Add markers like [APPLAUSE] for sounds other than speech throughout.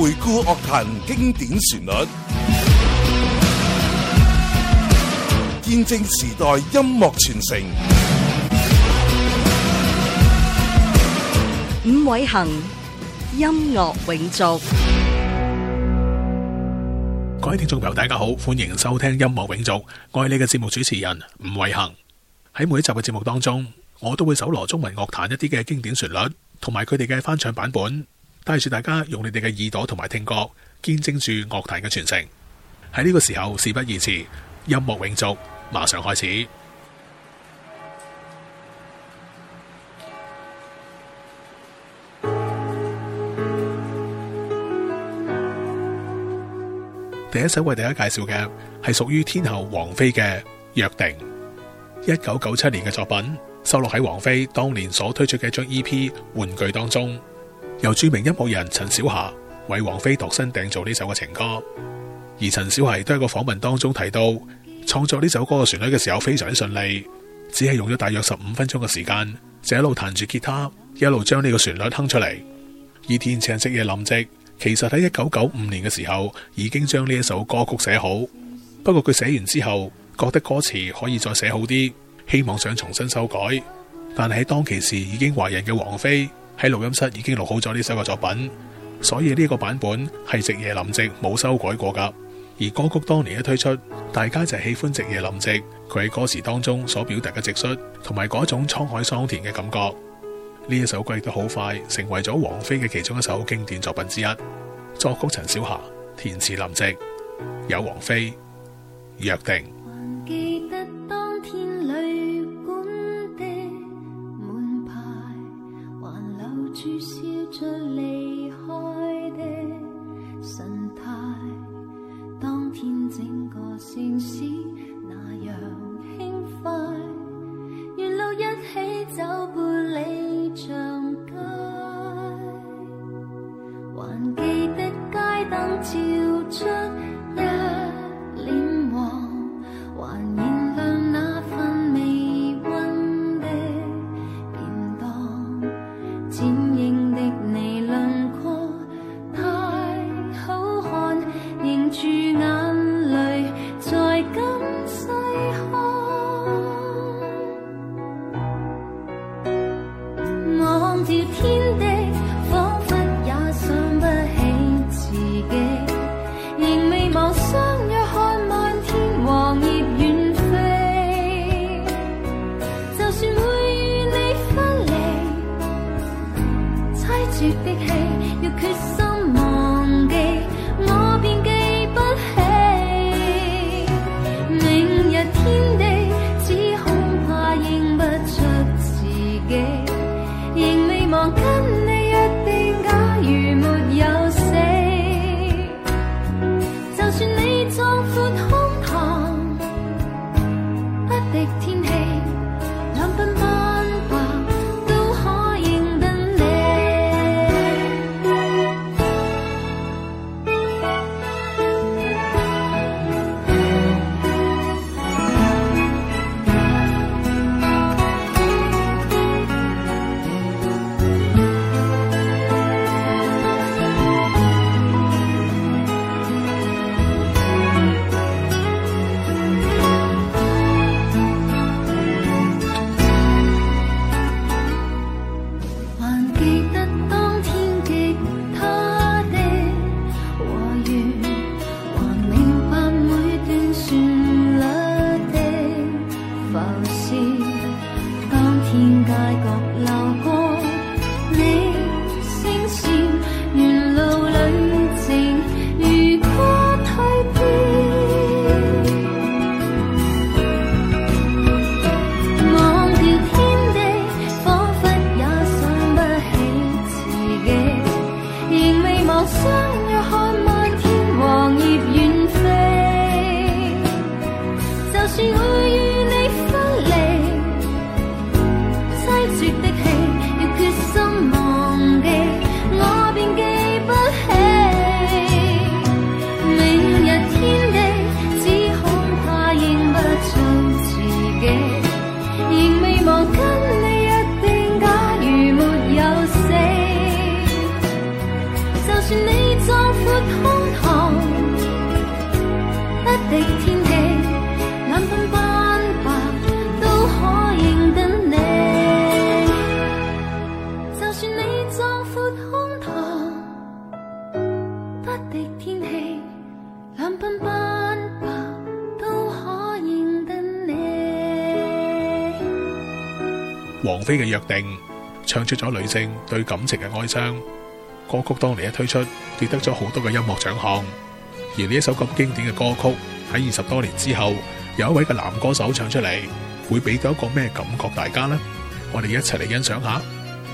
回顧樂壇經典旋律，見證時代音樂傳承。伍偉恆，音樂永續。各位聽眾朋友，大家好，歡迎收聽《音樂永續》，我係你嘅節目主持人伍偉恆。喺每一集嘅節目當中，我都會搜羅中文樂壇一啲嘅經典旋律，同埋佢哋嘅翻唱版本。帶住大家用你哋嘅耳朵同埋聽覺見證住樂壇嘅傳承。喺呢個時候，事不宜遲，音樂永續，馬上開始。 [MUSIC] 第一首為大家介紹嘅係屬於天后王菲嘅《約定》，一九九七年嘅作品，收錄喺王菲當年所推出嘅一張 E.P. 玩具當中。由著名音樂人陳小霞為王菲度身訂做呢首嘅情歌，而陳小霞都喺個訪問當中提到，創作呢首歌嘅旋律嘅時候非常之順利，只係用咗大約十五分鐘嘅時間，就一路彈住吉他，一路將呢個旋律哼出嚟。而天長積嘅林夕，其實喺一九九五年嘅時候已經將呢一首歌曲寫好，不過佢寫完之後覺得歌詞可以再寫好啲，希望想重新修改，但係喺當其時已經懷孕嘅王菲。喺錄音室已經錄好咗呢首嘅作品，所以呢個版本係《夜夜林夕》冇修改過噶。而歌曲當年一推出，大家就係喜歡《夜夜林夕》，佢喺歌詞當中所表達嘅直率，同埋嗰種滄海桑田嘅感覺。呢一首歌亦都好快成為咗王菲嘅其中一首經典作品之一。作曲陳小霞，填詞林夕，有王菲約定。飛嘅約定，唱出咗女性對感情嘅哀傷。歌曲當年一推出，奪得咗好多嘅音樂獎項。而呢一首咁經典嘅歌曲，喺二十多年之後，有一位嘅男歌手唱出嚟，會俾到一個咩感覺大家呢？我哋一齊嚟欣賞下，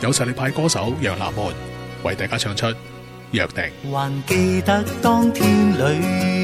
有實力派歌手楊立門為大家唱出約定。還記得當天里。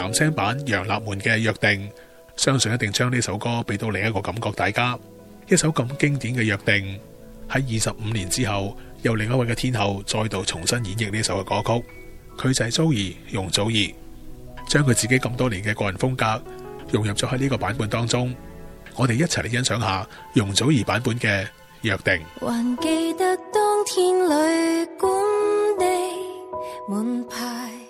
男聲版楊立門嘅約定，相信一定將呢首歌俾到另一個感覺大家。一首咁經典嘅約定，喺二十五年之後，由另一位嘅天后再度重新演繹呢首嘅歌曲。佢就係 Joey 容祖兒，將佢自己咁多年嘅個人風格融入咗喺呢個版本當中。我哋一齊嚟欣賞下容祖兒版本嘅約定。還記得當天旅館的門牌。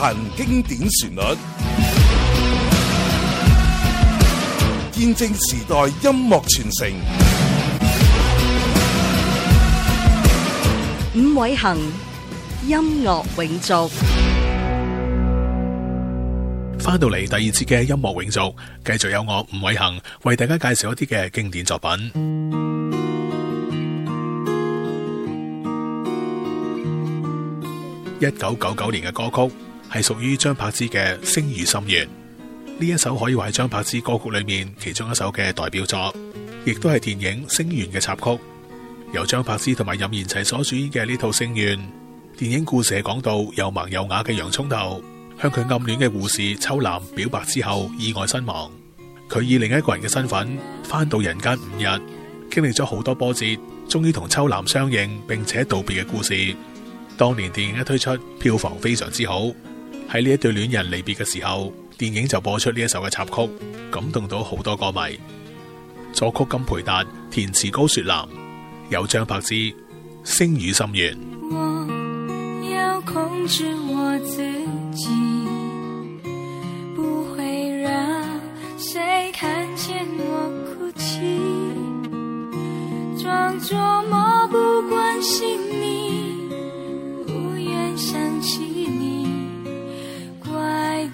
行經典旋律，見證時代音樂傳承。伍偉恆音樂永續。翻到嚟第二節嘅音樂永續，繼續有我伍偉恆為大家介紹一啲嘅經典作品。一九九九年嘅歌曲。係屬於張柏芝嘅《星語心願》。呢一首可以話係張柏芝歌曲裏面其中一首嘅代表作，亦都係電影《星願》嘅插曲。由張柏芝同埋任賢齊所主演嘅呢套《星願》電影，故事講到又盲又啞嘅洋葱頭向佢暗戀嘅護士秋楠表白之後意外身亡，佢以另一個人嘅身份翻到人間五日，經歷咗好多波折，終於同秋楠相認並且道別嘅故事。當年電影一推出，票房非常之好。喺呢一對戀人離別嘅時候，電影就播出呢一首嘅插曲，感動到好多歌迷。作曲，金培達填詞，高雪蘭。有張柏芝《星語心願》。我要控制我自己，不會讓誰看見我哭泣，裝作漠不關心你，不願想起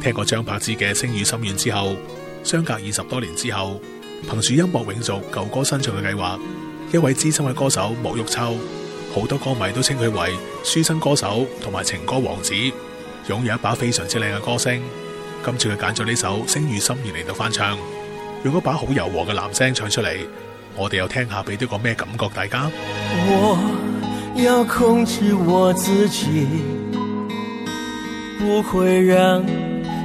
聽過張柏芝嘅《星語心願》之後，相隔二十多年之後，憑住音樂永續舊歌新唱嘅計劃，一位資深嘅歌手莫玉秋，好多歌迷都稱佢為書生歌手同埋情歌王子，擁有一把非常之靚嘅歌聲。今次佢揀咗呢首《星語心願》嚟到翻唱，用一把好柔和嘅男聲唱出嚟，我哋又聽下俾啲個咩感覺大家？我要控制我自己，不會讓。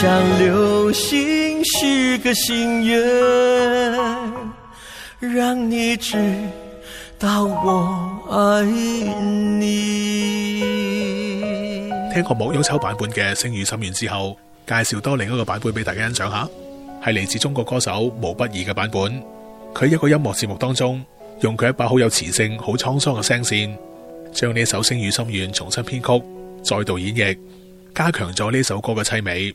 像流星許個心願，讓你，你知道我愛你。聽過毛有秋版本嘅《星語心願》之後，介紹多另一個版本俾大家欣賞下，係嚟自中國歌手毛不易嘅版本。佢一個音樂節目當中，用佢一把好有磁性、好滄桑嘅聲線，將呢首《星語心願》重新編曲，再度演繹，加強咗呢首歌嘅淒美。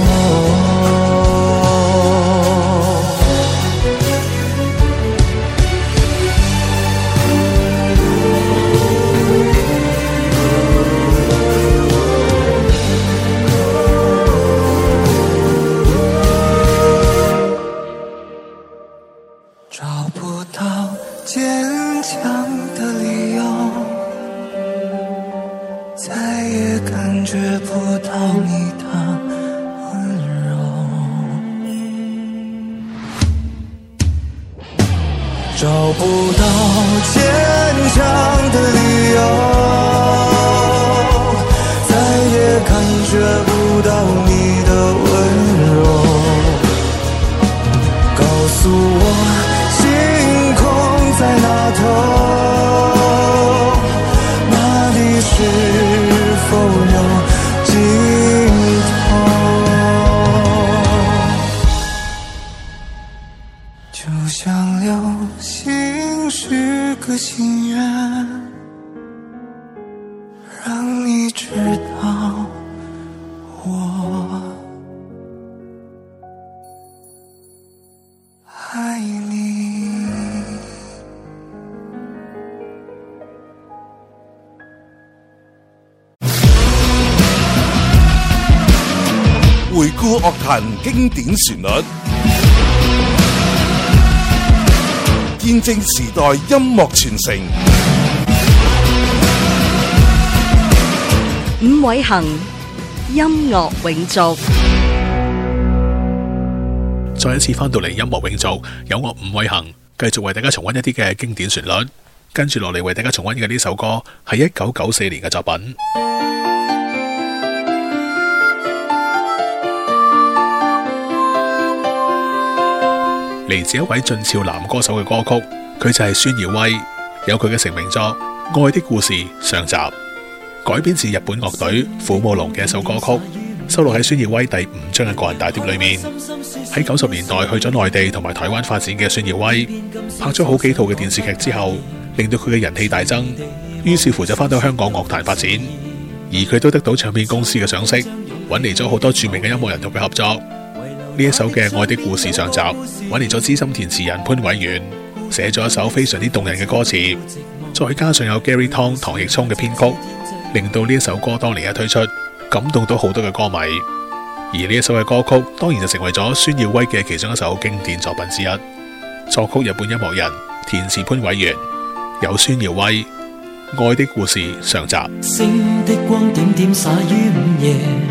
經典旋律，見證時代音樂傳承。伍偉恆音樂永續，再一次返到嚟，音樂永續，有我伍偉恆繼續為大家重溫一啲嘅經典旋律。跟住落嚟為大家重溫嘅呢首歌係一九九四年嘅作品。嚟自一位俊俏男歌手嘅歌曲，佢就係孫耀威，有佢嘅成名作《愛的故事》上集，改編自日本樂隊虎舞龍嘅一首歌曲，收錄喺孫耀威第五張嘅個人大碟裏面。喺九十年代去咗內地同埋台灣發展嘅孫耀威，拍咗好幾套嘅電視劇之後，令到佢嘅人氣大增，於是乎就返到香港樂壇發展，而佢都得到唱片公司嘅賞識，搵嚟咗好多著名嘅音樂人同佢合作。呢一首嘅《愛的故事》上集，搵嚟咗資深填詞人潘偉源，寫咗一首非常之動人嘅歌詞，再加上有 Gary Tong、唐奕聰嘅編曲，令到呢一首歌當年一推出，感動到好多嘅歌迷。而呢一首嘅歌曲，當然就成為咗孫耀威嘅其中一首經典作品之一。作曲日本音樂人，填詞潘偉源，有孫耀威，《愛的故事》上集。星的光點點灑於午夜。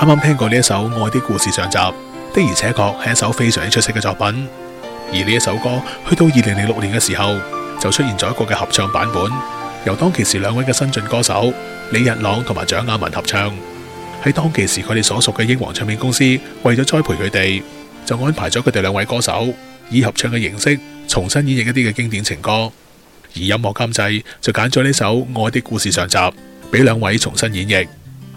啱啱聽過呢一首《愛的故事上集》，的而且確係一首非常之出色嘅作品。而呢一首歌去到二零零六年嘅時候，就出現咗一個嘅合唱版本，由當其時兩位嘅新晉歌手李日朗同埋蔣雅文合唱。喺當其時佢哋所屬嘅英皇唱片公司為咗栽培佢哋，就安排咗佢哋兩位歌手以合唱嘅形式重新演繹一啲嘅經典情歌。而音樂監製就揀咗呢首《愛的故事上集》俾兩位重新演繹。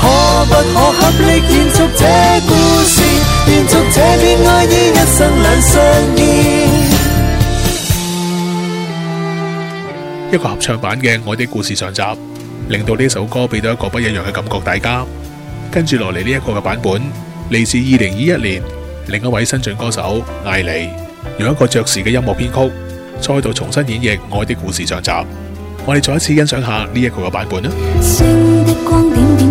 可不可合力延續這故事，延續這片愛意，一生兩相依。一個合唱版嘅《愛的故事》上集，令到呢首歌俾到一個不一樣嘅感覺。大家跟住落嚟呢一個嘅版本，嚟自二零二一年另一位新晉歌手艾莉，用一個爵士嘅音樂編曲，再度重新演繹《愛的故事》上集。我哋再一次欣賞下呢一個嘅版本啦。